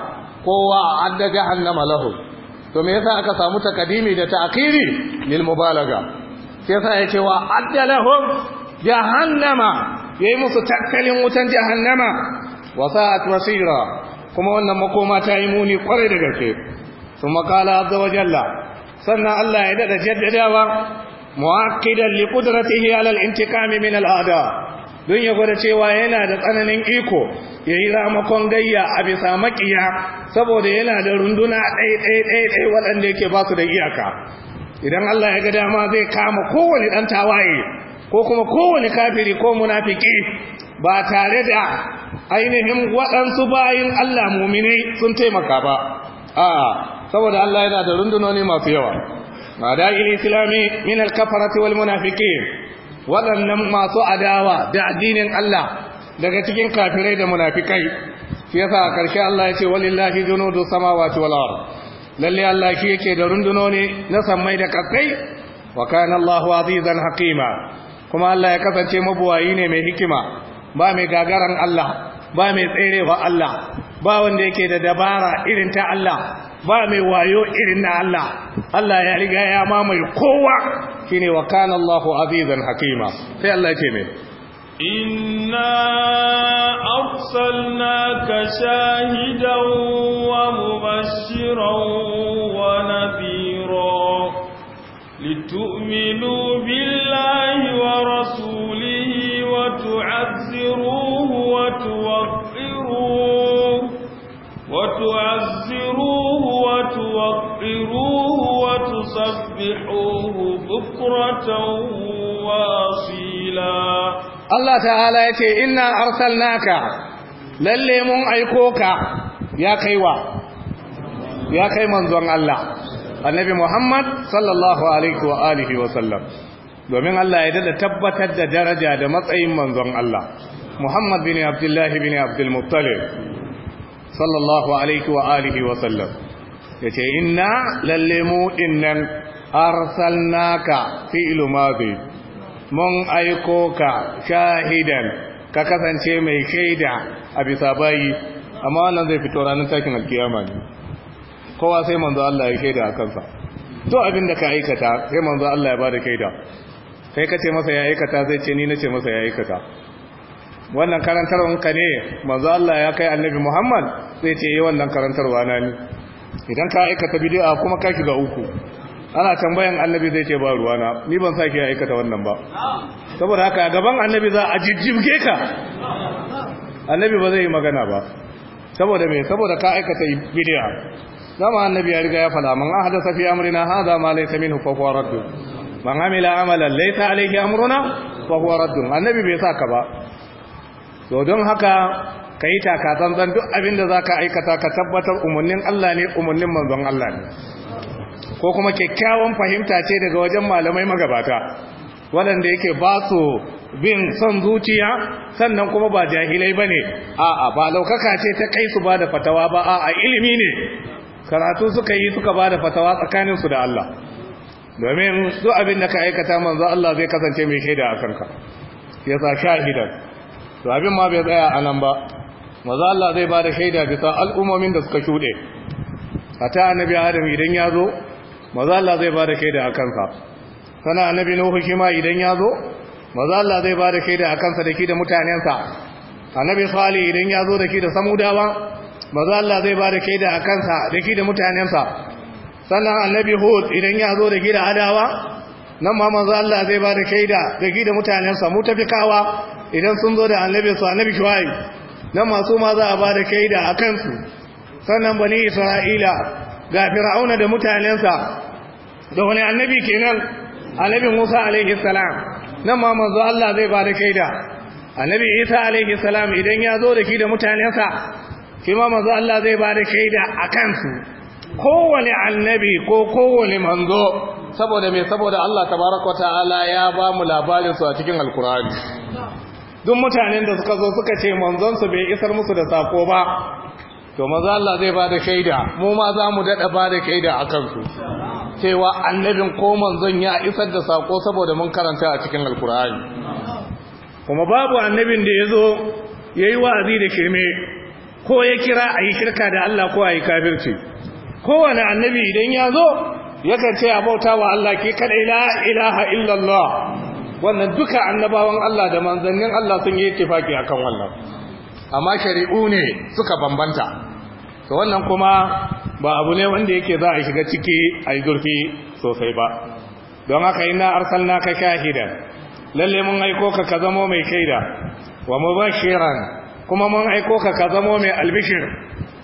kowa adda jahannama lahu to me yasa aka samu takadimi da ta'khiri lil mubalaga sai ya ce wa addalahum jahannama yayi musu tattalin wutan jahannama wa sa'at masira kuma wannan makoma ta yi muni kwarai da gaske kuma kala azza wa jalla sannan Allah ya dada jaddadawa muakidan li qudratihi ala al-intiqam min al-a'da don ya gwada cewa yana da tsananin iko ya yi ramakon gayya a bisa maƙiya saboda yana da runduna ɗai waɗanda yake ba su da iyaka idan Allah ya ga dama zai kama kowane dan tawaye ko kuma kowane kafiri ko munafiki ba tare da ainihin waɗansu bayin Allah mumini sun taimaka ba a saboda Allah yana da rundunoni masu yawa ma da'il islami min al-kafarati wal munafiqin waɗannan masu adawa da addinin Allah daga cikin kafirai da munafikai shi yasa a ƙarshe Allah ya ce walillahi junudu samawati wal ard lalle Allah shi yake da rundunoni na sammai da kakkai wa kana Allahu azizan hakima kuma Allah ya kasance mabuwayi ne mai hikima ba mai gagaran Allah ba mai tserewa Allah ba wanda yake da dabara irin ta Allah ba mai wayo irin na Allah Allah ya riga ya mamaye kowa shine wa kana Allahu azizan hakima sai Allah ya ce mai إنا أرسلناك شاهدا ومبشرا ونذيرا لتؤمنوا بالله ورسوله وتعزروه وتوقروه وتعزروه وتوقروه وتسبحوه بكرة وأصيلا Allah ta'ala ya ce inna arsalnaka lalle mun aiko ka ya kaiwa ya kai manzon Allah annabi Muhammad sallallahu alaihi wa alihi wa sallam domin Allah ya dada tabbatar da daraja da matsayin manzon Allah Muhammad bin Abdullah bin Abdul Muttalib sallallahu alaihi wa alihi wa sallam yace inna lalle mu innan arsalnaka fi madhi mun aiko ka shahidan ka kasance mai shaida a bisa bayi amma wannan zai fito ranar takin alkiyama ne kowa sai manzo Allah ya shaida a kansa to abin da ka aikata sai manzo Allah ya bada shaida kai ka ce masa ya aikata zai ce ni nace masa ya aikata wannan karantarwar ka ne manzo Allah ya kai annabi Muhammad zai ce yi eh, wannan karantarwa na ni idan ka aikata bid'a kuma ka shiga uku ana tambayan annabi zai ce ba ruwana ni ban sake aikata wannan ba saboda haka gaban annabi za a jijjibge ka annabi ba zai yi magana ba saboda me saboda ka aikata bid'a zama annabi ya riga ya fada man ahdatha fi amrina hadha ma laysa minhu fa huwa radd man amila amalan laysa alayhi amruna fa huwa radd annabi bai sa ka ba to don haka kai taka tsantsan duk abinda za zaka aikata ka tabbatar umarnin Allah ne umarnin manzon Allah ne ko kuma kyakkyawan fahimta ce daga wajen malamai magabata waɗanda yake ba su bin son zuciya sannan kuma ba jahilai ba ne a'a ba laukaka ce ta kai su ba da fatawa ba a'a ilimi ne karatu suka yi suka ba da fatawa su da Allah domin su abin da ka aikata manzo Allah zai kasance mai shaida a kanka ya sa shahidan to abin ma bai tsaya a nan ba manzo Allah zai ba da shaida bisa al'ummomin da suka shuɗe a annabi Adam idan ya zo maza Allah zai bada kai da akansa sana annabi nuhu shi ma idan ya zo maza Allah zai bada kai da akansa da ki da mutanensa annabi salih idan ya zo da ki da samudawa maza Allah zai bada kai da akansa da ki da mutanensa sannan annabi hud idan ya zo da ki da adawa nan ma maza Allah zai bada kai da ki da mutanensa mu tafi kawa idan sun zo da annabi su annabi shuwai nan masu ma za a bada kai da akansu sannan bani isra'ila ga fir'auna da mutanensa da wani annabi kenan annabi Musa alaihi salam nan ma manzo Allah zai ba da kaida annabi Isa alaihi salam idan ya zo da ki da mutanensa shi ma manzo Allah zai ba da kaida akan su kowane annabi ko kowane manzo saboda me saboda Allah tabaraka ta'ala ya ba mu labarin su a cikin alkurani duk mutanen da suka zo suka ce manzon su bai isar musu da sako ba to maza Allah zai ba da shaida mu ma za mu daɗa ba da shaida a kansu cewa annabin ko manzon ya isar da sako saboda mun karanta a cikin alkur'ani kuma babu annabin da ya zo ya yi wa'azi da shirme ko ya kira a yi shirka da Allah ko a yi kafirci kowane annabi idan ya zo yakan ce a bauta wa Allah ke kada ila ilaha illallah wannan duka annabawan Allah da manzannin Allah sun yi ittifaki akan wannan amma shari'u ne suka bambanta to wannan kuma ba abu ne wanda yake za a shiga ciki a yi zurfi sosai ba don haka ina arsalna ka shahidan lalle mun aiko ka ka zamo mai shaida wa mubashiran kuma mun aiko ka ka zamo mai albishir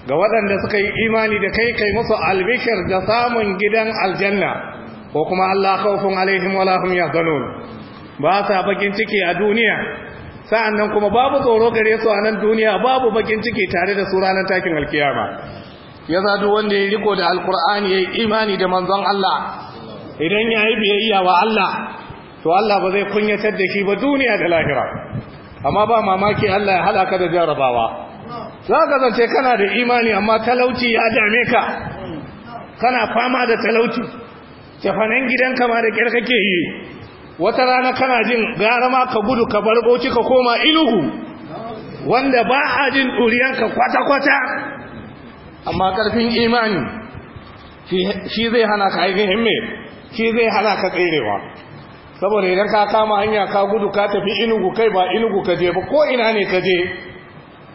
ga waɗanda suka yi imani da kai kai musu albishir da samun gidan aljanna ko kuma Allah khawfun alaihim wala hum ba sa bakin ciki a duniya sa'annan kuma babu tsoro gare su a nan duniya babu bakin ciki tare da su ranar takin alkiyama ya za wanda ya riko da alkur'ani ya yi imani da manzon Allah idan ya yi biyayya wa Allah to Allah ba zai kunyatar da shi ba duniya da lahira amma ba mamaki Allah ya halaka da jarabawa za ka zance kana da imani amma talauci ya dame ka kana fama da talauci tafanen gidanka ma da kyar kake yi wata rana kana jin gara ma ka gudu ka bar ka koma ilugu wanda ba a jin ɗuriyanka kwata-kwata amma ƙarfin imani shi zai hana ka aikin himme shi zai hana ka tserewa saboda idan ka kama hanya ka gudu ka tafi inugu kai ba inugu ka je ba ko ina ne ka je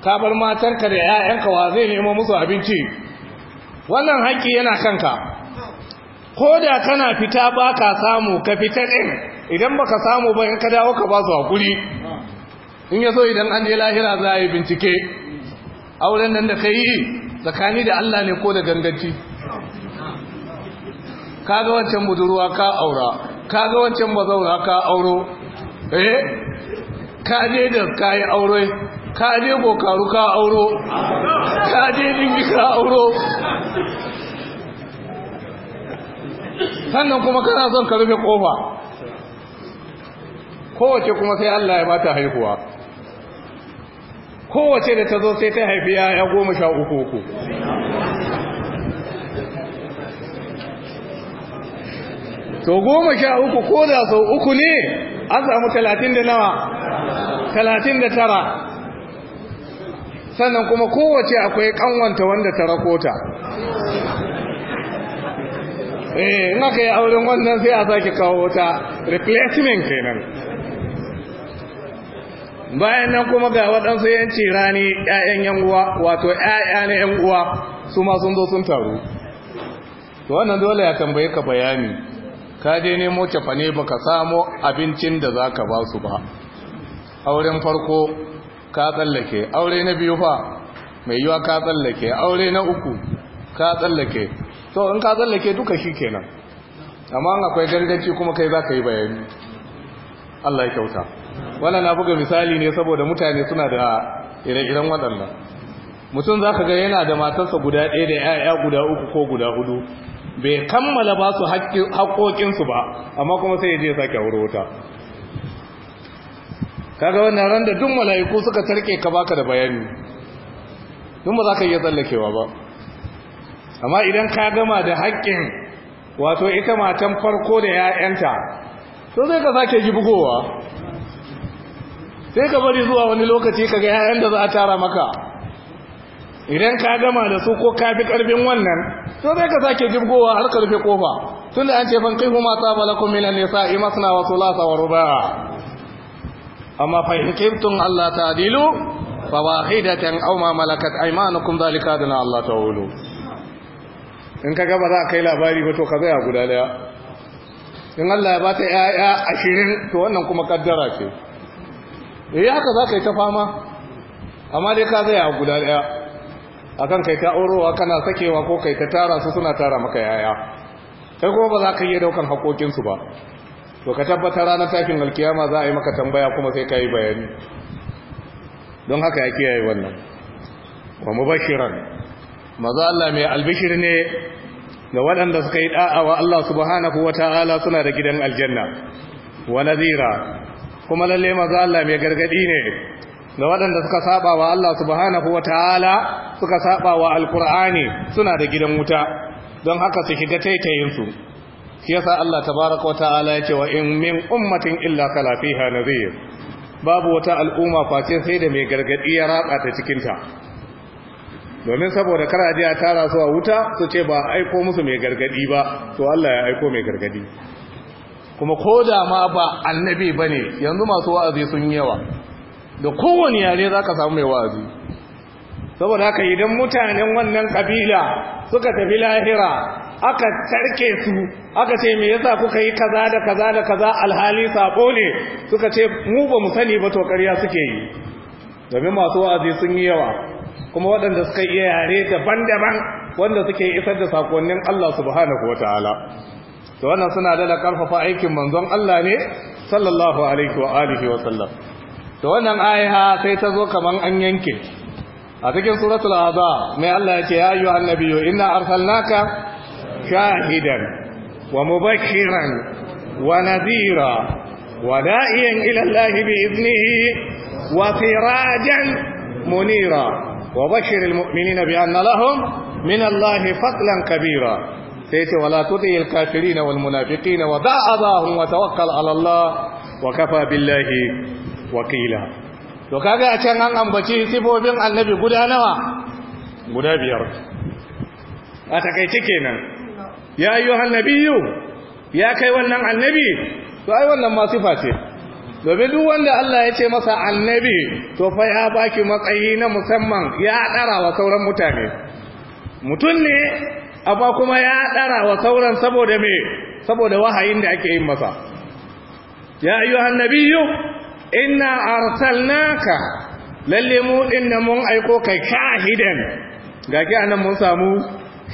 ka bar matanka da 'ya'yanka wa zai nemo musu abinci wannan haƙƙi yana kanka ko da kana fita ba ka samu ka fita ɗin idan baka samu ba in ka dawo ka ba su hakuri in yaso idan an je lahira za a yi bincike auren nan da ka yi tsakani da Allah ne ko da ganganci ga wancan budurwa ka aura ka ga wancan bazaura ka auro eh ka je da kai aure ka je bokaru ka auro ka je dingi ka auro sannan kuma kana son ka rufe kofa kowace kuma sai Allah ya bata haihuwa kowace da ta zo sai ta haifi ya goma sha uku uku to goma sha uku ko da sau uku ne an samu talatin da nawa talatin da tara sannan kuma kowace akwai kanwanta wanda ta rakota eh in aka yi auren wannan sai a sake kawo ta replacement kenan bayan nan kuma ga waɗansu yanci rani 'ya'yan yan wato 'ya'ya na yan uwa su ma sun zo sun taru to wannan dole ya tambaye ka bayani ka je nemo cafane baka samo abincin da zaka ba su ba auren farko ka tsallake aure na biyu fa mai yiwa ka tsallake aure na uku ka tsallake to in ka tsallake duka shi kenan amma akwai gargaci kuma kai za ka yi bayani Allah ya kyauta wannan na buga misali ne saboda mutane suna da ire-iren waɗannan mutum za ka ga yana da matarsa guda ɗaya da 'ya'ya guda uku ko guda hudu bai kammala ba su haƙoƙinsu ba amma kuma sai ya je sake aure wuta kaga wannan randa da duk mala'iku suka tarke ka baka da bayani duk ba za ka iya tsallakewa ba amma idan ka gama da haƙƙin wato ita matan farko da 'ya'yanta to zai ka sake ji bugowa sai ka bari zuwa wani lokaci ka ga yayan da za a tara maka idan ka gama da su ko ka fi karfin wannan to sai ka sake jibgowa har karfe kofa tun da an ce fan kuma ma saba lakum min an wasu lasawar wa A wa ruba'a amma ta in ba ba ta'dilu fa wahidatan aw ma malakat aymanukum dhalika na Allah ta'ulu in ka gaba za a kai labari ba to ka zaya guda daya in Allah ya ba ta 'ya'ya ashirin to wannan kuma kaddara ce eh haka za ka yi ta fama amma dai ka zai a guda daya kan kai ta aurowa kana sakewa ko kai ta tara su suna tara maka yaya kai kuma ba za ka iya daukan haƙoƙinsu ba to ka tabbatar ranar tafin alkiyama za a yi maka tambaya kuma sai ka yi bayani don haka ya kiyaye wannan wa bashiran. maza Allah mai albishir ne Da waɗanda suka yi da'a wa Allah subhanahu wa ta'ala suna da gidan aljanna wa nazira kuma lalle maza Allah mai gargadi ne ga waɗanda suka saba wa Allah subhanahu ta'ala suka saba wa suna da gidan wuta don haka su shiga taitayinsu shi yasa Allah ta'ala ya ce wa in min ummatin illa kala fiha nadhir babu wata al'umma face sai da mai gargadi ya raba ta cikin ta domin saboda kar a tara su a wuta su ce ba aiko musu mai gargadi ba to Allah ya aiko mai gargadi kuma ko da ma ba annabi ba ne yanzu masu wa'azi sun yawa da kowane yare za ka samu mai wa'azi saboda haka idan mutanen wannan kabila suka tafi lahira aka tarke su aka ce me yasa kuka yi kaza da kaza da kaza alhali saƙo ne suka ce mu ba mu sani ba to suke yi domin masu wa'azi sun yi yawa kuma waɗanda suka iya yare daban-daban wanda suke isar da sakonnin Allah subhanahu wataala to wannan suna da karfafa aikin manzon Allah ne sallallahu alaihi wa alihi wa sallam to wannan aya sai ta zo kaman an yanke a cikin suratul azab mai Allah yake ya ayyuhan nabiyyu inna arsalnaka shahidan wa mubashiran wa nadhira wa da'iyan ila Allah bi idnihi wa sirajan munira wa bashiril mu'minina bi anna lahum min Allah fadlan kabira sai ce wala tutil kafirin wal munafiqin wa da'adahum wa tawakkal ala Allah wa kafa billahi wakila to kaga a can an ambaci sifofin annabi guda nawa guda biyar a takaice kenan ya ayyuhan nabiyyu ya kai wannan annabi to ai wannan ma sifa ce domin duk wanda Allah ya ce masa annabi to fa ya baki matsayi na musamman ya dara wa sauran mutane mutum ne amma kuma ya ɗara wa sauran saboda me saboda wahayin da ake yin masa ya Nabiyu, ina inna arsalnaka lalle mu ɗinna da mun aiko kai shahidan gaki anan mun samu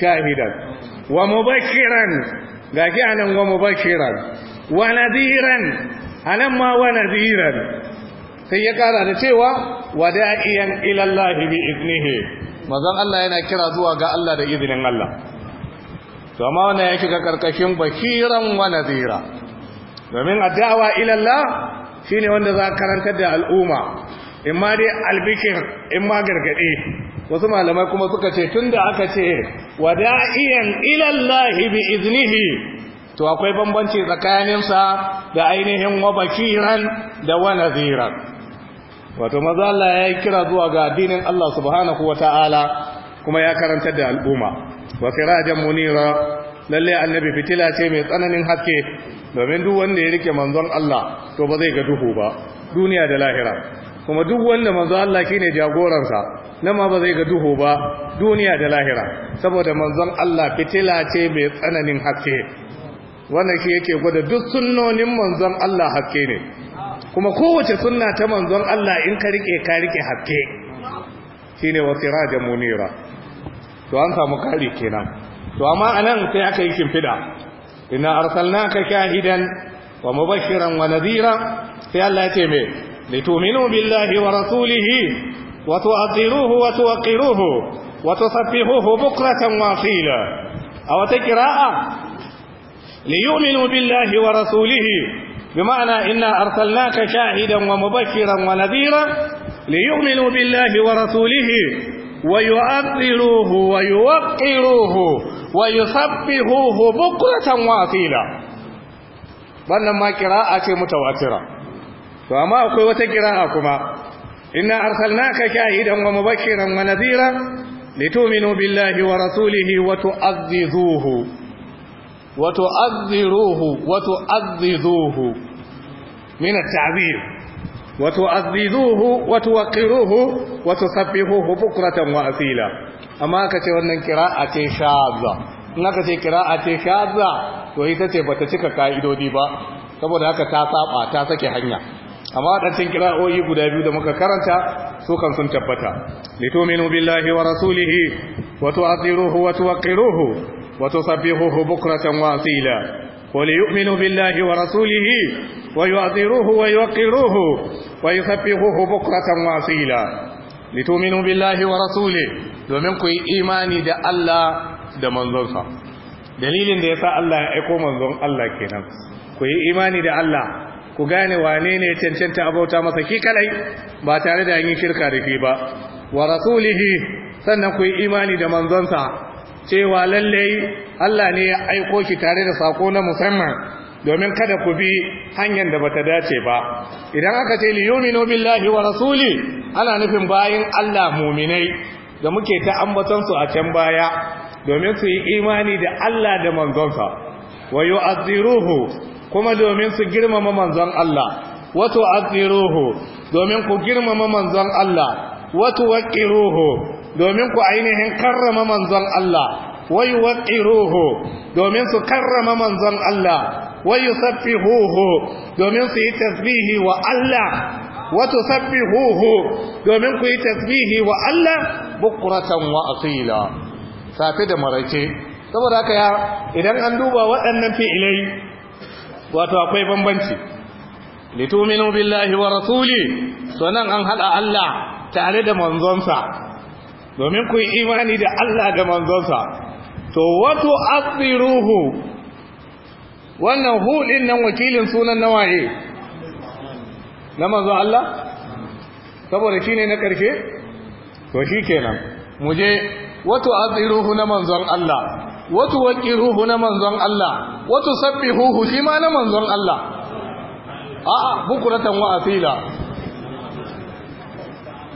shahidan wa mubashiran gaki anan wa mubashiran wa nadiran anan ma wa nadiran sai ya kara da cewa da'iyan ila Allah bi iznihi manzon Allah yana kira zuwa ga Allah da izinin Allah to amma wannan ya shiga karkashin bashiran wa nadira domin addawa ila Allah shine wanda za karantar da al'umma in ma dai in ma gargade wasu malamai kuma suka ce tunda aka ce wada'iyan ila Allah bi iznihi to akwai bambanci tsakaninsa da ainihin wa bashiran da wa nadiran wato maza Allah ya kira zuwa ga addinin Allah subhanahu ta'ala kuma ya karantar da al'umma wa sirajan munira lalle annabi fitila ce mai tsananin haske domin duk wanda ya rike manzon Allah to ba zai ga duhu ba duniya da lahira kuma duk wanda manzon Allah shine jagoransa nan ma ba zai ga duhu ba duniya da lahira saboda manzon Allah fitila ce mai tsananin haske wannan shi yake gwada duk sunnonin manzon Allah haske ne kuma kowace sunna ta manzon Allah in ka rike ka rike haske shine sirajan munira to an samu kari kenan to amma anan sai aka yi kimfida inna arsalnaka shahidan wa mubashiran wa nadhira sai Allah ya ce me litu'minu billahi wa rasulihi wa tu'adhiruhu wa tuqiruhu wa tusabbihuhu bukratan wa asila aw taqra'a liyu'minu billahi wa rasulihi shahidan wa mubashiran wa ومبشرا Liyuminu biLlahi wa ورسوله ويؤذروه ويوقروه ويسبحوه بكرة واصيلا بل ما قراءة متواترة فما قوة قراءكما إنا أرسلناك شاهدا ومبشرا ونذيرا لتؤمنوا بالله ورسوله وتؤذذوه وتؤذروه وتؤذذوه من التعبير وتعززوه وتوقروه وتسبحوه بكرة وأصيلا أما كتير أن قراءة شاذة أما كتير قراءة شاذة وهي تتي بتتك قائدو ديبا saboda haka ta saɓa ta sake hanya amma wadancan kira'o'i guda biyu da muka karanta su sun tabbata litu'minu billahi wa rasulihi wa tu'adhiruhu billahi wa ويعذروه ويوقروه ويسبحوه بكرة واصيلا لتؤمنوا بالله ورسوله domin ku yi imani da Allah da manzonsa dalilin da ya sa Allah ya aiko manzon Allah kenan ku imani da Allah ku gane wane ne cancanta abauta masa ki kalai ba tare da yin kirka da shi ba wa rasulihi sannan kuyi imani da manzonsa cewa lallai Allah ne ya aiko shi tare da sako na musamman domin kada ku bi hanyar da bata dace ba idan aka ce li yu'minu billahi wa rasuli ana nufin bayin Allah mu'minai da muke ta ambaton su a can baya domin su yi imani da Allah da manzonsa wa yu'azziruhu kuma domin su girmama manzon Allah wa aziruhu domin ku girmama manzon Allah wa tuwaqiruhu domin ku ainihin karrama manzon Allah wai yuwaqiruhu domin su karrama manzon Allah wa yusabbihuhu domin su yi tasbihi wa Allah wa domin ku yi tasbihi wa Allah bukratan wa asila safi da marake saboda haka ya idan an duba waɗannan fi'ilai wato akwai bambanci lituminu billahi wa rasuli sanan an hada Allah tare da manzonsa domin ku yi imani da Allah da manzonsa to wato asiruhu wannan hu din nan wakilin sunan nawaye na manzo Allah saboda shi ne na karshe to shi kenan. mu je wato ruhu na manzon Allah wato ruhu na manzon Allah wato sabbihuhu shi ma na manzon Allah a'a bukuratan wa asila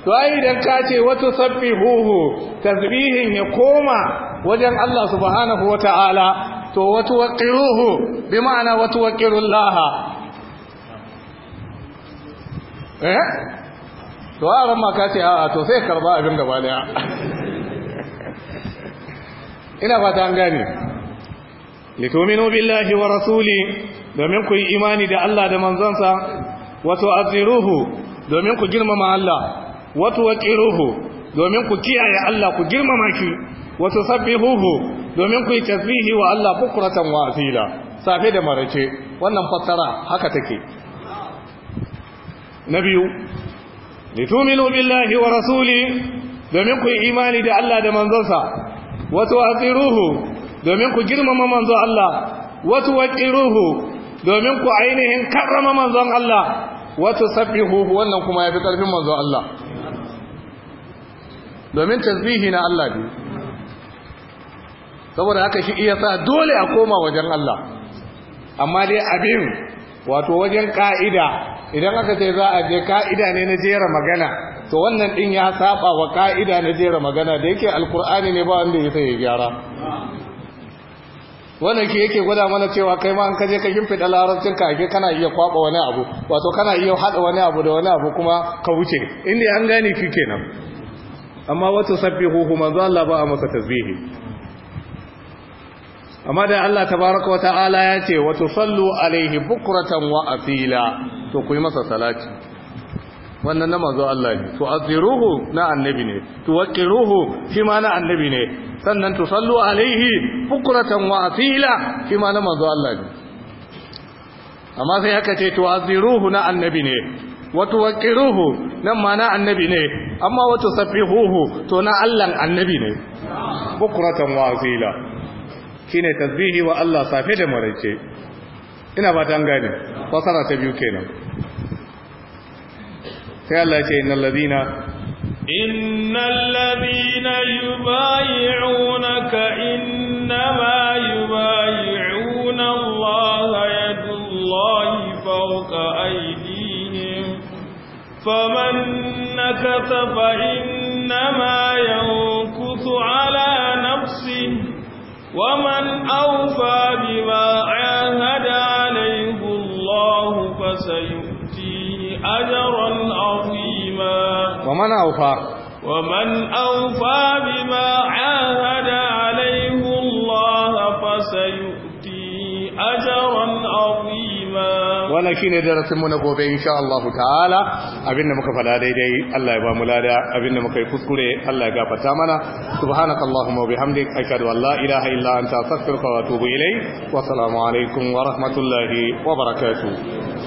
to ai idan ka ce wato sabbihuhu tasbihin ya koma wajen Allah subhanahu wataala to wato ruhu? bi ma'ana wata waƙirun laha eh to a ma maka ce a'a to sai karba abin gaba daya ina fata an gane lituminu billahi wa rasuli domin ku yi imani da Allah da manzonsa, wato aziruhu domin ku girmama Allah wato waqiruhu domin ku kiyaye Allah ku girmama shi, wato sabbihuhu domin ku yi tasbihi wa Allah bukratan wa asila safe da marace wannan fassara haka take na biyu litu'minu billahi wa rasuli domin ku yi imani da Allah da manzonsa wato ruhu domin ku girmama manzon Allah wato waqiruhu domin ku ainihin karrama manzon Allah wato sabbihu wannan kuma yafi karfin manzon Allah domin tasbihi na Allah ne saboda haka shi iya sa dole a koma wajen Allah amma dai abin wato wajen ka'ida idan aka ce za a je ka'ida ne na jera magana to wannan din ya saba wa ka'ida na jera magana da yake alkur'ani ne ba wanda ya sai gyara wannan ke yake gwada mana cewa kai ma an kaje ka da larabcin ka ake kana iya kwaba wani abu wato kana iya hada wani abu da wani abu kuma ka wuce inda an gane ki kenan amma wata sabbihu huma zalla ba a masa tasbihi amma da Allah tabaraka wa ta'ala ya ce wa tusallu alaihi bukratan wa asila to ku yi masa salati wannan na manzo Allah ne to aziruhu na annabi ne to waqiruhu shi ma na annabi ne sannan tusallu alaihi bukratan wa asila shi ma na manzo Allah ne amma sai aka ce to aziruhu na annabi ne wato waqiruhu nan ma na annabi ne amma wato safihuhu to na Allah annabi ne bukratan wa asila shine tasbihi wa Allah safe da maraice ina ba ta gane fasara ta biyu kenan sai Allah ya ce innal ladina innal ladina yubayyi'unaka innama yubayyi'una Allah yadullahi fawqa aydihim faman nakatha fa innama yankusu ala nafsihi ومن أوفى بما عاهد عليه الله فسيؤتيه أجرا عظيما ومن أوفى ومن أوفى بما عاهد عليه الله فسيؤتيه أجرا عظيما wannan shine darasin mu na gobe insha Allah ta'ala abinda muka fada daidai Allah ya ba mu lada abinda muka yi kuskure Allah ya gafarta mana subhanakallahumma wa bihamdik ashhadu an la ilaha illa anta astaghfiruka wa atubu ilayk wa assalamu alaikum wa rahmatullahi wa barakatuh